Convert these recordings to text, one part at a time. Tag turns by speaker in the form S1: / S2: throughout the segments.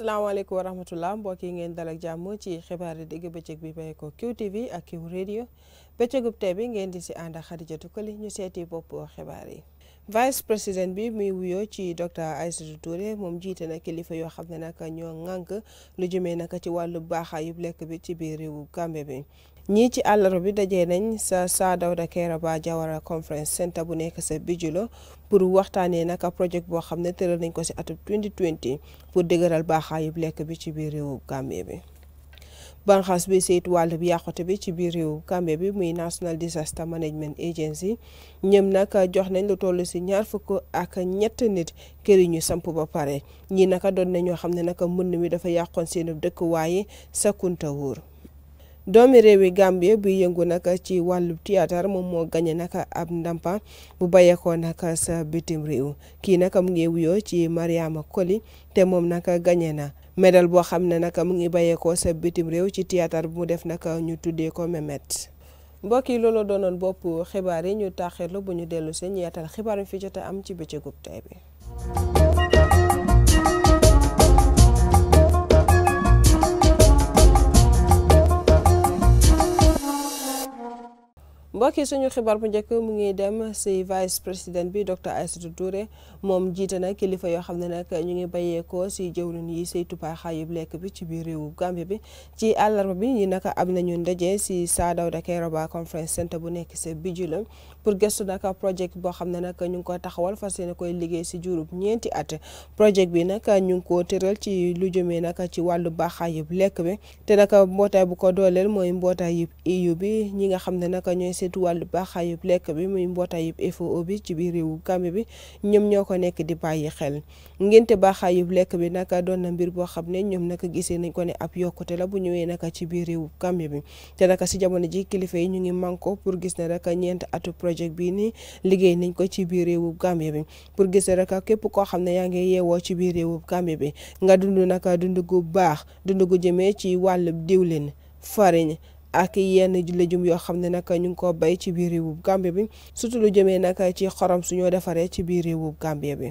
S1: asalaamaaleykum wa rahmatullah mbokk yi ngeen dalak jàmm ci xibaar yi digg bëccëg bi bay ko QTV ak Q Radio bëccëgub tey bi ngeen di si ànd ak Xadijatu Koli ñu seeti bopp xibaar yi vice président bi muy wuyoo ci docteur Aïssatou Touré moom jiite na kilifa yoo xam ne nag ñoo ŋànk lu jëmee naka ci wàllu baaxaayub lekk bi ci biir réewu Gambie bi ñii ci àllarba bi dajee nañ sa Sir Dawda ba Jawara conference centre bu nekk sa Bijilo pour waxtaanee naka projet boo xam ne tëral nañ ko si atum 2020 pour dëgëral baaxaayub lekk bi ci biir réewu Gambie bi. banxaas bi saytu wàll bi yàqote bi ci biir réew Gambie bi muy National Disaster Management Agency ñoom nag jox nañ lu toll si ñaar fukk ak ñett nit kër yi ñu samp ba pare ñii naka doon na ñoo xam ne naka mbënn mi dafa yàqoon seen dëkk waaye Sakunta wóor doomi réew yi Gambie bu yëngu nag ci wàllu théâtre moom moo gañe nag ab ndàmpa bu bàyyeekoo nag sa bitim réew kii nag mu ngi wuyoo ci Mariama Koli te moom nag gañe na medal boo xam ne nag mu ngi bayeekoo sa bitim réew ci théâtre bu mu def nag ñu tuddee ko Mehmet. mbokki yi loolu doonoon bopp xibaar yi ñu taaxirlu bu ñu dellu si ñu yaatal xibaar yi fi jot am ci bëccëgub tey bi. mbokk yi suñu xibaar bu njëkk mu ngi dem si vice président bi docteur Aïssatou dure moom jiite na kilifa yoo xam ne nag ñu ngi bàyyeekoo si jëwrin yi saytu baaxaayub lekk bi ci biir réewu Gambie bi ci àllarba bi ñi naka am nañu ndaje si Sir Dawda Kairaba conference bu nekk si Bijulum pour gëstu nag projet boo xam ne nag ñu ngi ko taxawal fas yéene koy liggéey si juróom ñeenti at projet bi nag ñu ngi ko tëral ci lu jëmee nag ci wàllu baaxaayub lekk bi te nag mbootaay bu ko dooleel mooy mbootaay yu EU bi ñi nga xam ne nag ñooy saytu wàllu yub lekk bi muy mbootaayub FAO bi ci biir réewu Gàmbi bi ñoom ñoo ko nekk di bàyyi xel ngénte baaxaayub lekk bi naka doon na mbir boo xam ne ñoom naka gisee nañ ko ne ab yokkute la bu ñëwee naka ci biir réewu Gàmbi bi te naka si jamono ji kilifa yi ñu ngi manko pour gis ne rek ñeent atu projet bii nii liggéey nañ ko ci biir réewu Gàmbi bi pour gis rek képp koo xam ne yaa ngi yeewoo ci biir réewu Gàmbi bi nga dund naka dund gu baax dund gu jëmee ci wàllu diwlin farine ak yenn lëjum yoo xam ne nag ñu ngi ko bay ci biir réewub Gambie bi surtout lu jëmee nag ci xorom suñoo defaree ci biir réewub Gambie bi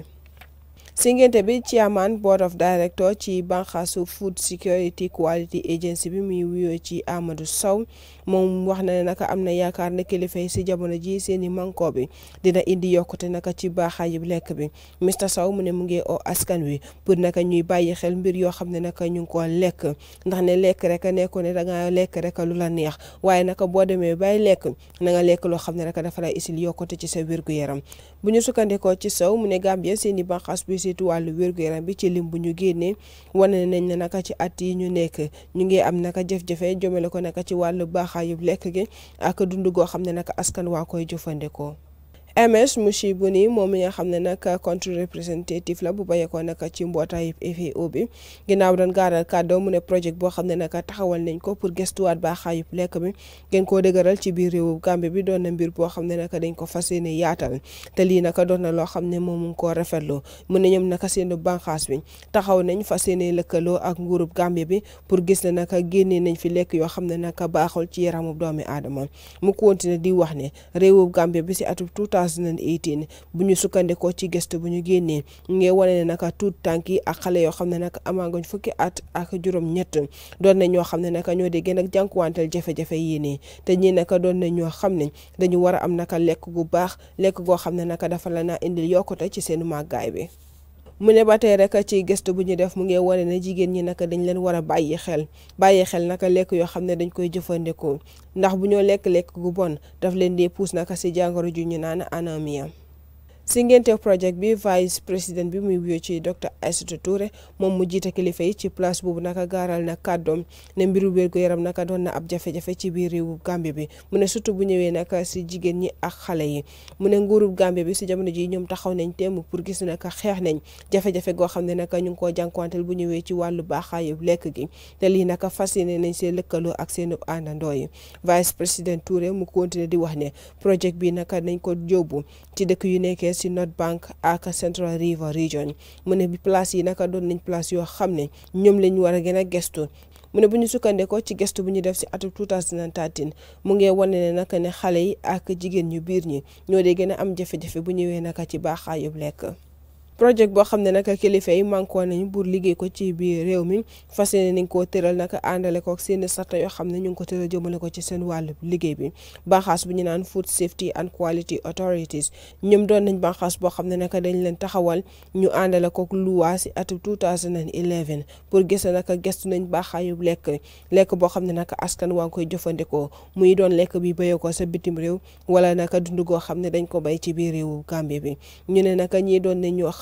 S1: si ngénte bi chairman board of director ci banxaasu food security quality agency bi muy wuyoo ci Amadou Sow moom wax na ne naka am na yaakaar ne kilifa yi si jamono ji seen i manko bi dina indi yokkute naka ci baaxaayib lekk bi mista Sow mu ne mu ngi oo askan wi pour naka ñuy bàyyi xel mbir yoo xam ne naka ñu ngi ko lekk ndax ne lekk rek nekko ne da nga lekk rek lu la neex waaye naka boo demee bay lekk na nga lekk loo xam ne rek dafa lay isil ci sa wérgu yaram bu ñu sukkandikoo ci Sow mu ne Gambia seen i banqaas bi surtout wàllu wérgu yaram bi ci lim bu ñu génnee wane nañ ne naka ci at yi ñu nekk ñu ngi am naka jëf-jëfe jomale ko naka ci wàllu baax neexaayu lekk gi aka dund goo xam ne nag askan waa koy jëfandikoo. ms Mushiibuni moom mi nga xam ne nag country representative la bu bayeekoo nag ci mbootaay FAO bi ginnaaw doon gaaral kàddoo mu ne projet boo xam ne nag taxawal nañ ko pour gëstuwaat baaxaayub lekk bi ngeen koo dëgëral ci biir réewu Gambie bi doon na mbir boo xam ne nag dañ ko fas yéene yaatal te lii nag doon na loo xam ne moom mu ngi koo rafetloo mu ne ñoom nag seen bànqaas bi taxaw nañ fas yéene lëkkaloo ak nguurub Gambie bi pour gis ne nag génnee nañ fi lekk yoo xam ne nag baaxul ci yaramu doomi aadama mu continué di wax ne réewub Gambie bi si atub tuuta 2018 bu ñu sukkandikoo ci gëstu bu ñu génnee ngee wane ne naka tuut tànk yi ak xale yoo xam ne naka amaangoñ fukki at ak juróom-ñett doon na ñoo xam ne naka ñoo di gën ak jànkuwanteel jafe-jafe yii nii te ñi naka doon na ñoo xam ne dañu war a am naka lekk gu baax lekk goo xam ne naka dafa la naa indil yokkute ci seen màggaay bi mu ne ba tey rek ci gëstu bu ñu def mu ngi waree ne jigéen ñi naka dañ leen war a bàyyi xel bàyyi xel naka lekk yoo xam ne dañ koy jëfandikoo ndax bu ñoo lekk lekk gu bon daf leen di puus naka si jàngoro ju ñu naan anemia si ngénte projet bi vice président bi muy wuyoo ci docteur Aïssatou Touré moom mu jiite kilifa yi ci place boobu naka gaaral na kàddoom ne mbiru wérgu yaram naka doon na ab jafe-jafe ci biir réewu Gambie bi mu ne surtout bu ñëwee naka si jigéen ñi ak xale yi mu ne nguurub Gambie bi si jamono ji ñoom taxaw nañ teem pour gis naka xeex nañ jafe-jafe goo xam ne naka ñu ngi koo jànkuwanteel bu ñëwee ci wàllu baaxaayu lekk gi te lii naka fas yéene nañ seen lëkkaloo ak seen yi vice président Touré mu continué di wax ne projet bi naka nañ ko yóbbu ci dëkk yu nekkee si North Bank ak Central River Region mu ne bi place yi naka doon nañ place yoo xam ne ñoom lañ war a gën a gestu mu ne bu ñu sukkandekoo ci gestu bu ñu def si atum 2013 mu ngi wane ne naka ne xale yi ak jigéen ñu biir ñi ñoo dee gën a am jafe-jafe bu ñëwee naka ci baaxaayub lekk. projet boo xam ne nag kilifa yi mànkoo nañu pour liggéey ko ci biir réew mi fas yéene nañ koo tëral nag àndale ko ak seen yoo xam ne ñu ngi ko tëral jëmale ko ci seen wàllu liggéey bi banxaas bu ñu naan food safety and quality authorities doon nañ banxaas boo xam ne nag dañ leen taxawal ñu àndale ko ak luwaa si atum 2011 pour gis nag gestu nañ baaxaayub lekk lekk boo xam ne nag askan waa ngi koy jëfandikoo muy doon lekk bi béyoo ko sa bitim réew wala nag dund goo xam ne dañ ko bay ci biir réewu Gambie bi ñu ne nag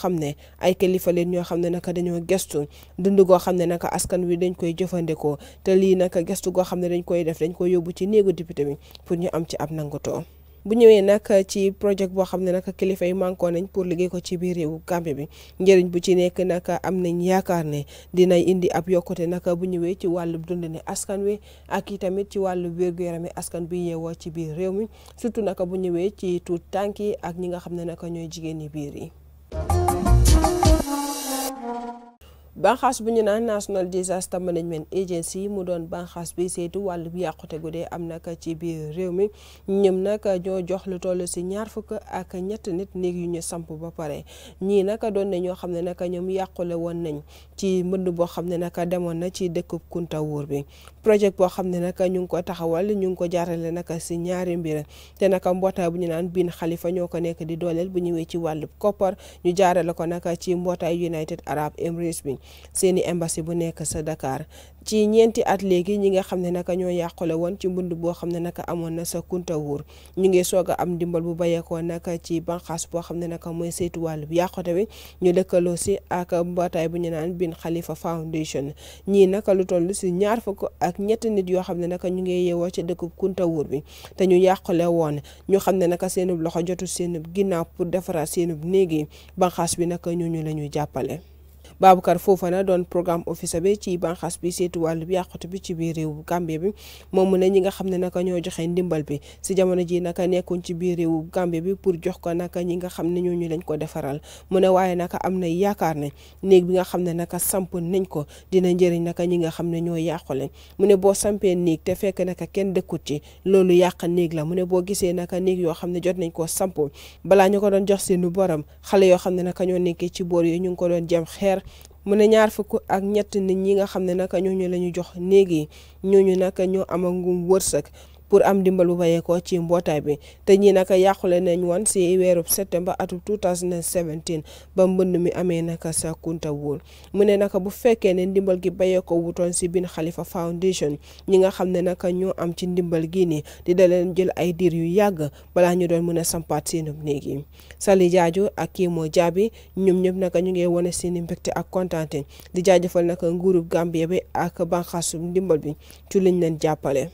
S1: xam ne ay kilifa leen ñoo xam ne naka dañoo gestu dund goo xam ne naka askan wi dañ koy jëfandikoo te lii naka gestu goo xam ne dañ koy def dañ koy yóbbu ci néegu député bi pour ñu am ci ab nangutoo bu ñëwee nag ci projet boo xam ne nag kilifa yi mànkoo nañ pour liggéey ko ci biir réewu Gambie bi njëriñ bu ci nekk nag am nañ yaakaar ne dina indi ab yokkute nag bu ñëwee ci wàllu dund ne askan wi ak i tamit ci wàllu wér-gu-yarami askan bi yeewoo ci biir réew mi surtout nag bu ñëwee ci tuut tànk yi ak ñi nga xam ne nag ñooy jigéen ñi biir yi banxaas bu ñu naan National Disaster Management Agency mu doon banxaas bi saytu wàllu yàqute gu dee am nag ci biir réew mi ñoom nag ñoo jox lu toll si ñaar fukk ak ñett nit néeg yu ñu samp ba pare ñii nag doon na ñoo xam ne nag ñoom yàqule woon nañ ci mbënd boo xam ne nag demoon na ci dëkkub Kuntawur bi projet boo xam ne nag ñu ngi ko taxawal ñu ngi ko jaarale nag si ñaari mbir te nag mbootaay bu ñu naan biin Khalifa ñoo ko nekk di dooleel bu ñëwee ci wàllub koppar ñu jaarale ko nag ci mbootaay United Arab Emirates bi seeni embassy bu nekk sa Dakar ci ñeenti at léegi ñi nga xam ne naka ñoo yàqule woon ci mbund boo xam ne naka amoon na sa Kuntaur ñu ngi soog am ndimbal bu bayeekoo naka ci banqaas boo xam ne naka mooy saytu wàllu yàqute bi ñu lëkkaloo si ak mbootaay bu ñu naan Bin Khalifa Foundation ñii naka lu toll si ñaar fukk ak ñetti nit yoo xam ne naka ñu ngi yeewoo ci dëkkub Kuntaur bi te ñu yàqule woon ñu xam ne naka seenub loxo jotu seenub ginnaaw pour defaraat seenub néeg yi banqaas bi naka ñooñu la ñuy jàppale foofa Fofana doon programme officer bi ci banxaas bi seetu wàll bi bi ci biir réew bu Gambie bi moom mu ne ñi nga xam ne naka ñoo joxe ndimbal bi si jamono ji naka nekkuñ ci biir réew bu bi pour jox ko naka ñi nga xam ne ñooñu lañ ko defaral mu ne waaye naka am na yaakaar ne néeg bi nga xam ne naka samp nañ ko dina njëriñ naka ñi nga xam ne ñoo yàqule mu ne boo sampee néeg te fekk naka kenn dëkkut ci loolu yàq néeg la mu ne boo gisee naka néeg yoo xam ne jot nañ koo samp balaa ñu ko doon jox seenu borom xale yoo xam ne naka ñoo nekkee ci boor yooyu ñu ngi ko doon jëm xeer mu ne ñaar fukk ak ñett nit ñi nga xam ne nag ñooñu la ñu jox néeg yi ñooñu nag am amagum wërsëg pour am dimbal bu bàyyeekoo ci mbootaay bi te ñii naka yàqule nañ wan si weerub septembre atum 2017 ba mbënd mi amee naka sa kunta wóol mu ne naka bu fekkee ne ndimbal gi bàyyeekoo wutoon si bin Khalifa Foundation ñi nga xam ne naka ñoo am ci dimbal gii nii di da leen jël ay diir yu yàgg balaa ñu doon mën a sampaat seenub néeg yi Sali Jaaju ak kii moo jaabi ñoom ñëpp naka ñu ngi wane seeni mbégte ak kontaante di jaajëfal naka nguurub Gambie bi ak banqaasum ndimbal bi ci liñ leen jàppale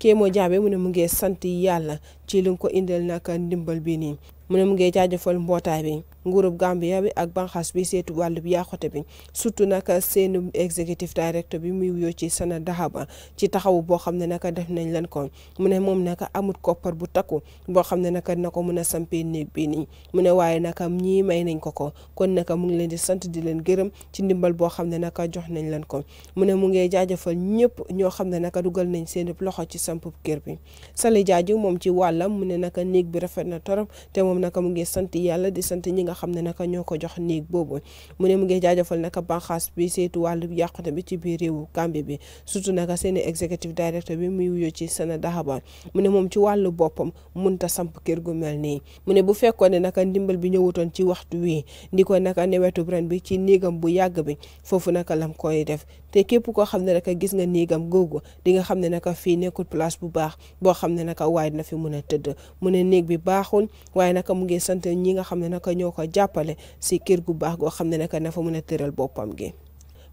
S1: Kéemo Jaabe mu ne mu ngi sant yàlla ci li ko indil nag ndimbal bi nii mu ne mu ngi jaajëfal mbootaay bi nguurub Gambia bi ak banxaas bi seetu wàllu bi yaaxote bi surtout nag seen executive director bi muy wuyoo ci Sana ba ci taxawu boo xam ne naka def nañ leen ko mu ne moom naka amut koppar bu takku boo xam ne naka na ko mun a sampee néeg bi nii mu ne waaye naka ñii may nañ ko ko kon naka mu ngi leen di sant di leen gërëm ci ndimbal boo xam ne naka jox nañ leen ko mu ne mu ngee jaajëfal ñëpp ñoo xam ne naka dugal nañ seen loxo ci sampub kër bi Sali Jaaju moom ci wàllam mu ne naka néeg bi rafet na torop te moom naka mu ngi sant yàlla di sant ñi nga xam ne naka ñoo ko jox néeg boobu mu ne mu ngi jaajëfal naka banxaas bi saytu wàllu yàqute bi ci biir réewu Gambie bi surtout naka seen executive director bi muy wuyoo ci Sana baan mu ne moom ci wàllu boppam munta samp kër gu mel nii mu ne bu fekkoon ne naka ndimbal bi ñëwutoon ci waxtu wii ndi ko ne wetu ren bi ci néegam bu yàgg bi foofu naka lam koy def te képp koo xam ne rek gis nga néegam googu di nga xam ne naka fii nekkul place bu baax boo xam ne naka waaye dina fi mun a tëdd mu ne néeg bi baaxul waaye naka mu ngi sant ñi nga xam ne naka ñoo ko jàppale si kër gu baax goo xam ne naka na fa mun a tëral boppam gi.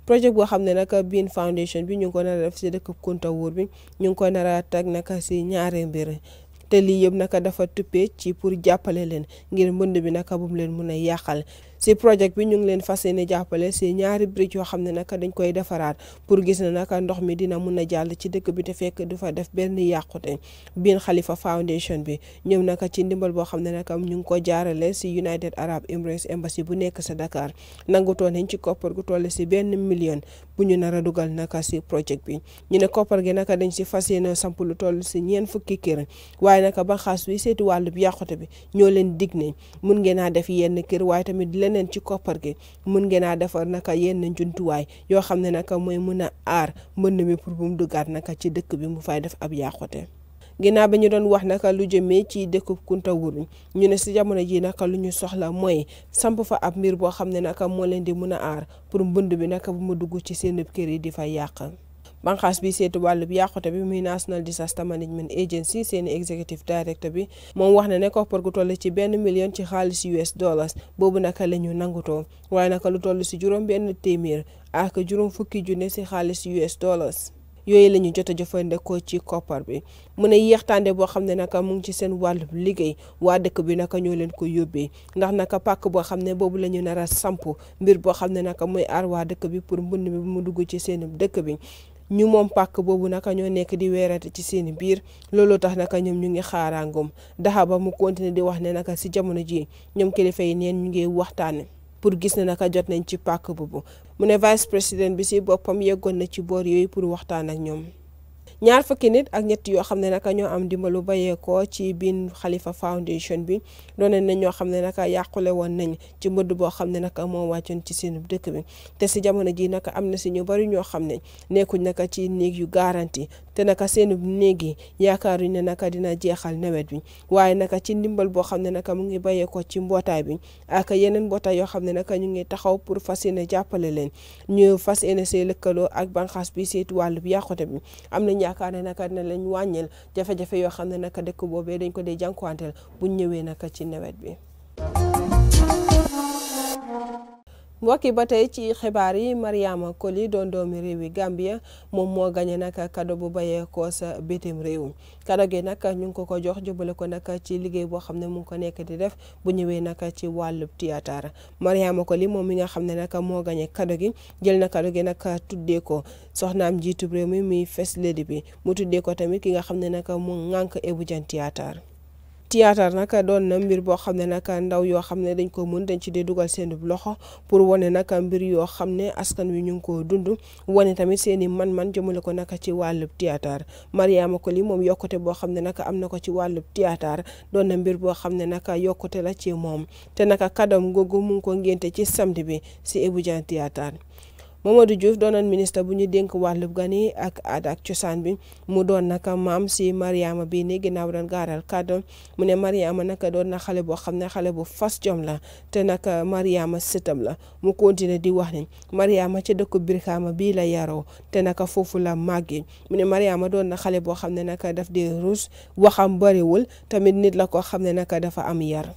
S1: projet boo xam ne naka Bin Foundation bi ñu ngi ko nar si dëkk Kunta Wuur bi ñu ngi ko nar a tag naka si ñaari mbir. te lii yëpp naka dafa tuppe ci pour jàppale leen ngir mbënd bi naka bu mu leen mun a yàqal si projet bi ñu ngi leen fas yéene jàppale si ñaari briques yoo xam ne nag dañ koy defaraat pour gis ne nag ndox mi dina mun a jàll ci dëkk bi te fekk du fa def benn yàqute biin Khalifa Foundation bi ñëw nag ci ndimbal boo xam ne nag ñu ngi ko jaarale si United Arab Emirates Embassy bu nekk sa Dakar nangutoo nañ ci koppar gu toll si benn million bu ñu nar a dugal nag si projet bi ñu ne koppar gi nag dañ si fas yéene samp lu toll si ñeen fukki kër waaye nag banxaas bi seeti wàllu yàqute bi ñoo leen dig ne mun ngeen a def yenn kër waaye tamit leneen ci koppar gi mun ngeen a defar naka yenn njuntuwaay yoo xam ne naka mooy mun a aar mbënn mi pour bu mu duggaat naka ci dëkk bi mu fay def ab yàqute ginnaaw bi ñu doon wax naka lu jëmee ci dëkkub Kunta Wuruñ ñu ne si jamono ji naka lu ñu soxla mooy samp fa ab mbir boo xam ne naka moo leen di mun a aar pour mbënd bi naka bu mu dugg ci seen kër yi di fay yàq banqaas bi seetu wàllu bi yàqute bi muy National Disaster Management Agency seeni executive director bi moom wax ne ne koppar gu toll ci benn million ci xaalis US dollars boobu naka la ñu nangutoo waaye naka lu toll si juróom benn téeméer ak juróom fukki junne si xaalis US dollars yooyu la jot a jëfandikoo ci koppar bi mu ne yeextaande boo xam ne naka mu ngi ci seen wàllu liggéey waa dëkk bi naka ñoo leen ko yóbbee ndax naka pak boo xam ne boobu la ñu nar a mbir boo xam ne naka mooy aar waa dëkk bi pour mbënd mi mu dugg ci seen dëkk bi ñu moom pàkk boobu naka ñoo nekk di weerante ci seen biir looloo tax naka ñoom ñu ngi xaaraangum daxa ba mu continuer di wax ne naka si jamono ji ñoom kilifa yi neen ñu ngi waxtaane pour gis ne naka jot nañ ci pàkk boobu mu ne vice président bi si boppam yeggoon na ci boor yooyu pour waxtaan ak ñoom ñaar fukki nit ak ñett yoo xam ne naka ñoo am dimbalu bayeekoo ci biin Khalifa Foundation bi doone nañ ñoo xam ne naka yàqule woon nañ ci mbëdd boo xam ne naka moo wàccoon ci seen dëkk bi te si jamono ji naka am na si ñu bari ñoo xam ne nekkuñ naka ci néeg yu garanti te naka seenub néeg yi yaakaaruñ ne naka dina jeexal nawet bi waaye naka ci ndimbal boo xam ne naka mu ngi bàyyee ko ci mbootaay bi ak yeneen mbootaay yoo xam ne naka ñu ngi taxaw pour fas yéene jàppale leen ñu fas yéene see lëkkaloo ak banxaas bi seetu wàllu bi yàqute bi am nañ yaakaar ne naka dina leen wàññeel jafe-jafe yoo xam ne naka dëkk boobee dañ ko de dee bu buñ ñëwee naka ci nawet bi mbokk yi ba tey ci xibaar yi Mariama Koli doon doomi réewi Gambia moom moo gañe nag kado bu bayeekoo sa bitim réew kado gi nag ñu ngi ko ko jox jubale ko nag ci liggéey boo xam ne mu ko nekk di def bu ñëwee nag ci wàllub théâtre ko li moom mi nga xam ne nag moo gañee kado gi jël na kado gi nag tuddee ko soxnaam jiitub réew mi muy First Lady bi mu tuddee ko tamit ki nga xam ne nag mu ŋànk Ebujan théâtre théâtre nag doon na mbir boo xam ne nag ndaw yoo xam ne dañ ko mën dañ ci dee dugal seen loxo pour wane nag mbir yoo xam ne askan wi ñu ngi ko dund wane tamit seen i man-man jëmale ko nag ci wàllub théâtre ko Coly moom yokkute boo xam ne nag am na ko ci wàllub théâtre doon na mbir boo xam ne nag yokkute la ci moom te nag kadam googu mu ngi ko ngénte ci samedi bi si Ebujan théâtre a du Diouf doonoon ministre bu ñu dénk wàllub gan yi ak aada ak cosaan bi mu doon naka maam si Mariama bii nii ginnaaw doon gaaral kàddoom mu ne Mariama naka doon na xale boo xam ne xale boo fas jom la te naka Mariama sëtam la mu continué di wax ni Mariama ca dëkku Birkaama bii la yaroo te naka foofu la màggee mu ne Mariama doon na xale boo xam ne naka daf di ruus waxam bariwul tamit nit la koo xam ne naka dafa am yar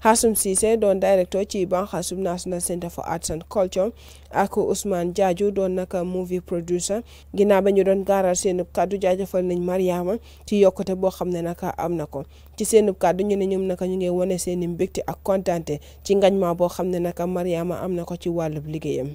S1: Hassoum Ceesay doon directeur ci banxaasum National Centre for Arts and Culture ak Ousmane Jaaju doon naka movie producer ginnaaw ba ñu doon gaaral seenub kàddu jaajëfal nañ Mariama ci yokkute boo xam ne naka am na ko ci seenub kàddu ñu ne ñoom naka ñu ngi wane seeni mbégte ak kontaante ci ngañ ma boo xam ne naka Mariama am na ko ci wàllub liggéeyam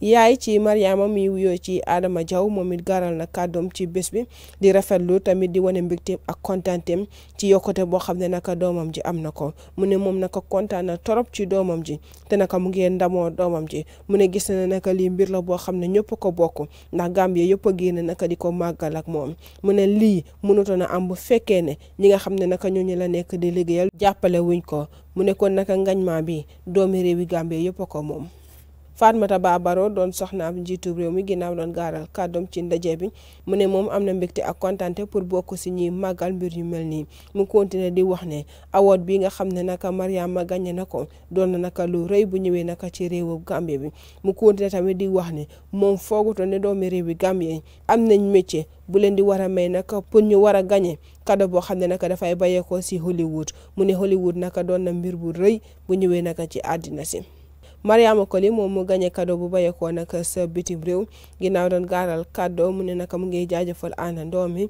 S1: yaay ci Mariama mi wuyoo ci Adama Diaw moom it garal na kàddoom ci bés bi di rafetlu tamit di wane mbégteem ak kontaanteem ci yokkute boo xam ne naka doomam ji am na ko mu ne moom naka kontaan na ci doomam ji te naka mu ngi ndamoo doomam ji mu ne gis na naka lii mbir la boo xam ne ñëpp ko bokk ndax Gambie yëpp a génn naka di ko màggal ak moom mu ne lii mënutoon a am bu fekkee ne ñi nga xam ne naka ñooñu la nekk di liggéeyal jàppale wuñ ko mu ne kon naka ngañ maa bi doomi réewi Gambie yëpp a ko moom Fatoumatta Bah Barrow doon soxnaam njiitu réew mi ginnaaw doon gaaral kàddoom ci ndaje bi mu ne moom am na mbégte ak kontante pour bokk si ñuy màggal mbir yu mel nii mu continué di wax ne award bi nga xam ne naka Mariama gagné na ko doon na naka lu rëy bu ñëwee naka ci réewu Gambie bi mu continué tamit di wax ne moom foogutoon ne doomi réewi Gambie am nañ métier bu leen di war a may naka ñu war a gagné kado boo xam ne naka dafay bàyyeekoo si Hollywood mu ne Hollywood naka doon na mbir bu rëy bu ñëwee naka ci àddina si Mariama li moom mu gañe kado bu bayeekoo nag sa bitim réew ginnaaw doon gaaral cadeau mu ne nag mu ngi jaajëfal àndandoo mi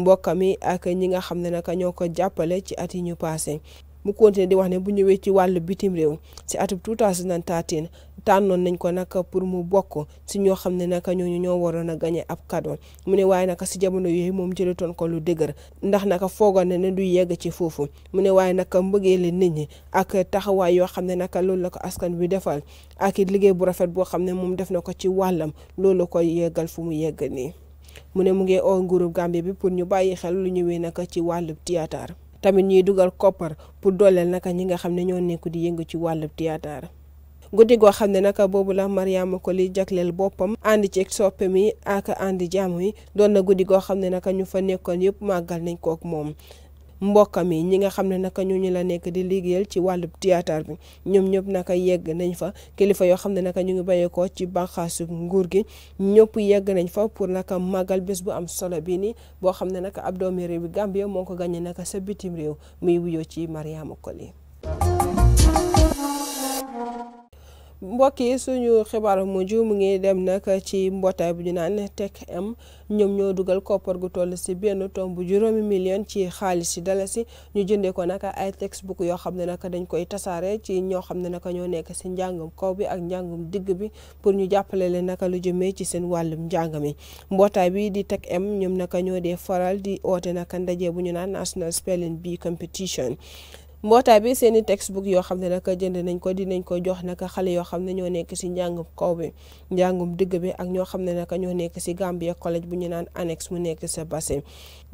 S1: mbokka mi ak ñi nga xam ne nag ñoo ko jàppale ci at yi ñu passé mu continué di wax ne bu ñëwee ci wàllu bitim réew si atum 2013 tànnoon nañ ko nag pour mu bokk si ñoo xam ne nag ñooñu ñoo waroon a gañe ab kadoon mu ne waaye nag si jamono yooyu moom toon ko lu dëgër ndax nag foogoon na ne du yegg ci foofu mu ne waaye nag mbëggeele nit ñi ak taxawaay yoo xam ne nag loolu la ko askan bi defal ak it liggéey bu rafet boo xam ne moom def na ko ci wàllam loolu koy yeggal fu mu yegg nii mu ne mu ngi oo nguurub Gambie bi pour ñu bàyyi xel lu ñëwee naka ci wàllub théâtre tamit ñuy dugal koppar pour dooleel naka ñi nga xam ne ñoo nekku di yëngu ci wàllub théâtre guddi goo xam ne naka boobu la ko lii jagleel boppam ànd ceek soppe yi ak ànd jàmm yi doon na guddi goo xam ne naka ñu fa nekkoon yëpp màggal nañ kook moom mbokkam yi ñi nga xam ne naka ñooñu la nekk di liggéeyal ci wàllu théâtre bi ñoom ñëpp naka yegg nañ fa kilifa yoo xam ne naka ñu ngi bayeekoo ci bànqaasu nguur gi ñëpp yegg nañ fa pour naka màggal bés bu am solo bi nii boo xam ne naka ab doomi réew bi Gambia moo ko gàññe naka sa bitim réew muy wuyoo ci Mariama Coly mbokk yi suñu xibaar mujj mu ngi dem nag ci mbootaay bu ñu naan Tek M ñoom ñoo dugal koppar gu toll si benn tom bu juróomi million ci xaalis yi dalasi ñu jëndee ko nag ay textbook yoo xam ne nag dañ koy tasaare ci ñoo xam ne nag ñoo nekk si njàngum kaw bi ak njàngum digg bi pour ñu jàppale leen naka lu jëmee ci seen wàllum njàng mi mbootaay bi di Tek M ñoom nag ñoo dee faral di oote nag ndaje bu ñu naan National Spelling Bee Competition. mbootaay bi seen i textbook yoo xam ne nag jënd nañ ko dinañ ko jox nag xale yoo xam ne ñoo nekk si njàngum kaw bi njàngum digg bi ak ñoo xam ne nag ñoo nekk si Gambia collège bu ñu naan annexe mu nekk sa bassin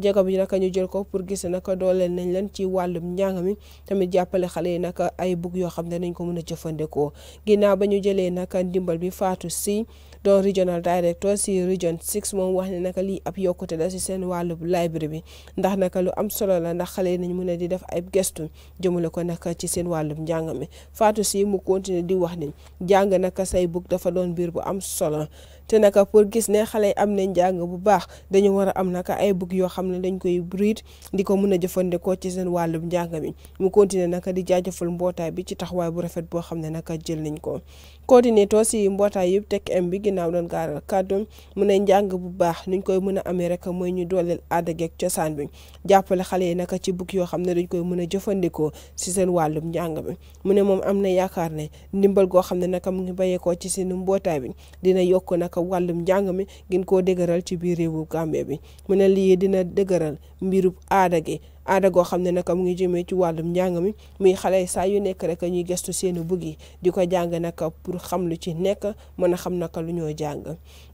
S1: jéego bi nag ñu jël ko pour gis nag dooleel nañ leen ci wàllum njàng mi tamit jàppale xale yi nag ay bug yoo xam ne nañ ko mën a jëfandikoo ginnaaw ba ñu jëlee nag ndimbal bi faatu Sy doon regional director si region 6 moom wax ne naka lii ab yokkute la si seen wàllub library bi ndax naka lu am solo la ndax xale nañ mën a di def ay gestu jëmale ko naka ci seen wàllub njàng mi faatu si mu continuer di wax ni jàng naka say book dafa doon biir bu am solo te naka pour gis ne xale yi am nañ njàng bu baax dañu war a am naka ay bug yoo xam ne dañ koy briid di ko mën a jëfandikoo ci seen wàllum njàng mi mu continuer naka di jaajëfal mbootaay bi ci taxawaay bu rafet boo xam ne naka jël nañ ko coordinateur si mbootaay yëpp tek m bi ginnaaw doon gaaral kàddu mu ne njàng bu baax nuñ koy mën a amee rek mooy ñu dooleel aada geeg cosaan bi jàppale xale yi naka ci bug yoo xam ne dañ koy mën a jëfandikoo si seen wàllum njàng mi mu ne moom am na yaakaar ne ndimbal goo xam ne naka mu ngi bàyyeekoo ci seen mbootaay bi dina yokk naka ak wàllum njàng mi gën koo dëgëral ci biir réewu Gambie bi mën a lii dina dëgëral mbirub aada gi aada goo xam ne nag mu ngi jëmee ci wàllum njàng mi muy xale saa yu nekk rek ñuy gestu seeni buggi di ko jàng nag pour xam lu ci nekk mën a xam naka lu ñoo jàng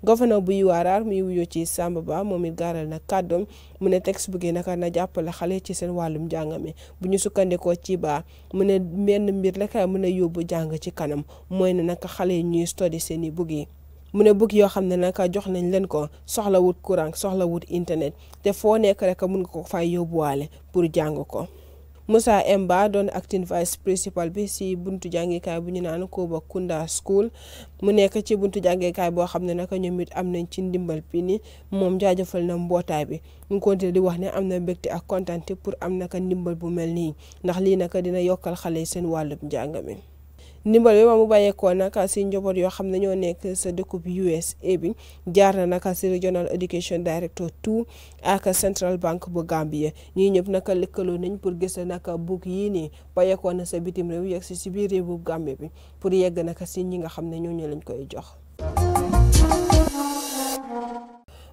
S1: governor bu URR muy wuyoo ci Samba Ba moom i gaaral na nag kàddoom mu ne texte buggi naka na jàppale xale ci seen wàllum njàng mi bu ñu sukkandikoo ci ba mën ne mbenn mbir rek mën a yóbbu jàng ci kanam mooy ne naka xale yi ñuy study seeni buggi mu ne bëgg yoo xam ne nag jox nañ leen ko soxla wut soxlawut soxla wut internet te foo nekk rek mun nga ko fay yóbbuwaale pour jàng ko. Moussa Emba doon acting vice principal bi si buntu jàngekaay bu ñu naan Kobakunda School mu nekk ci buntu jàngekaay boo xam ne naka ñoom it am nañ ci ndimbal bi nii moom jaajëfal na mbootaay bi mu continué di wax ne am na mbégte ak kontaante pour am naka ndimbal bu mel nii ndax lii naka dina yokkal xale seen wàllum njàng mi. ndimbal bi ma mu bàyyeekoo nag si njaboot yoo xam ne ñoo nekk sa dëkkub USA bi jaar na nag si Regional Education Director two ak Central Bank bu Gambia ñii ñëpp nag lëkkaloo nañ pour gis nag bug yii nii bàyyeekoo na sa bitim réew yegg si si biir réew bu Gambie bi pour yegg naka si ñi nga xam ne ñooñu lañ koy jox.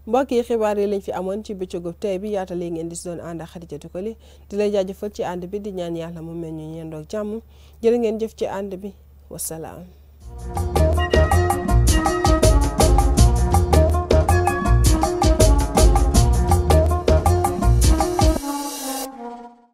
S1: mbokk yi xibaar yi lañ fi amoon ci bëccëgu tey bi yaatale ngeen di si doon ànd ak li Koli di la jaajëfal ci ànd bi di ñaan yàlla mu mel ñu ñeendoog jàmm jërë ngeen jëf ci ànd bi wasalaam